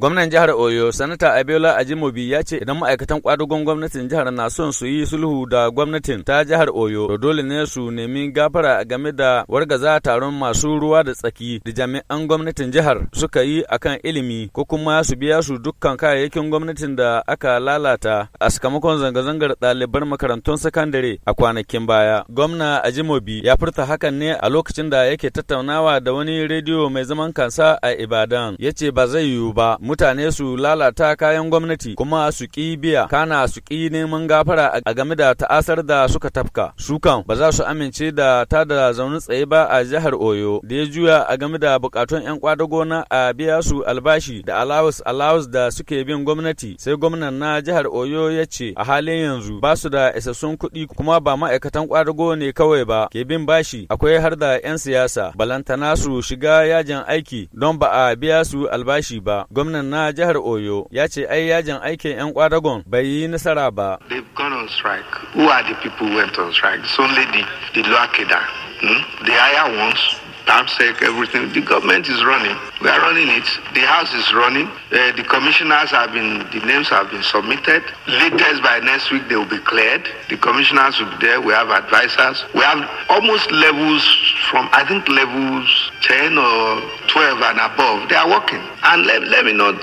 Gwamnan jihar Oyo, Sanata Abiola Ajimobi ya ce idan ma'aikatan kwadugon gwamnatin jihar na son su yi sulhu da gwamnatin ta jihar Oyo, to dole ne su nemi gafara game da wargaza taron masu ruwa da tsaki da jami'an gwamnatin jihar suka yi akan ilimi ko kuma su biya su dukkan kayayyakin gwamnatin da aka lalata a sakamakon zanga-zangar ɗaliban makarantun sakandare a kwanakin baya. Gwamna Ajimobi ya furta hakan ne a lokacin da yake tattaunawa da wani rediyo mai zaman kansa a Ibadan, ya ce ba zai yiwu ba mutane su lalata kayan gwamnati kuma su ƙi biya kana su ƙi neman gafara a game da ta'asar da suka tafka sukan. kan ba za su amince da ta da zaune tsaye ba a jihar oyo da ya juya a game da bukatun 'yan kwadago na a biya su albashi da allowance allowance da suke bin gwamnati sai gwamnan na jihar oyo ya ce a halin yanzu ba su da isassun kuɗi kuma ba ma'aikatan kwadago ne kawai ba ke bin bashi akwai har da 'yan siyasa balantana su shiga yajin aiki don ba a biya su albashi ba gwamnati na jihar Oyo ya ce ai yajin aikin 'yan kwadagon bai yi nasara ba. They've gone on strike. Who are the people who went on strike? It's only the, the Luakeda. Hmm? The higher ones, TAMSEC, everything. The government is running. We are running it. The House is running. Uh, the commissioners have been, the names have been submitted. Latest by next week, they will be cleared. The commissioners will be there. We have advisors. We have almost levels from, I think, levels 10 or 12 and above, they are working. And let, let me not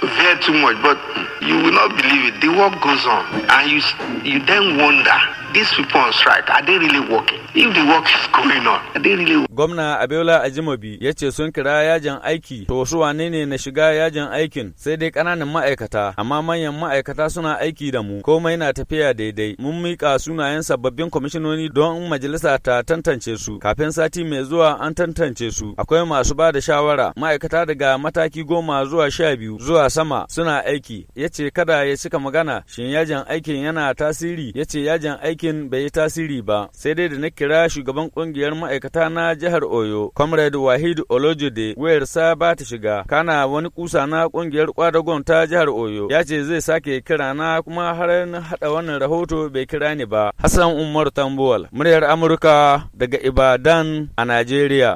veer too much, but you will not believe it. The work goes on, and you, you then wonder these on strike are they really working if the work is going on are they really gwamna abiola ajimobi ya ce sun kira yajin aiki to wasu wane ne na shiga yajin aikin sai dai kananan ma'aikata amma manyan ma'aikata suna aiki da mu komai na tafiya daidai mun mika sunayen sababbin kwamishinoni don majalisa ta tantance su kafin sati mai zuwa an tantance su akwai masu ba da shawara ma'aikata daga mataki goma zuwa sha biyu zuwa sama suna aiki ya ce kada ya cika magana shin yajin aikin yana tasiri ya ce yajin aiki aikin bai yi tasiri ba sai dai da na kira shugaban kungiyar ma'aikata na jihar oyo comrade wahid olojode wayarsa ba ta shiga kana wani kusa na kungiyar kwadagon ta jihar oyo ya ce zai sake kira na kuma har na hada wannan rahoto bai kira ni ba hassan umar tambuwal muryar amurka daga ibadan a najeriya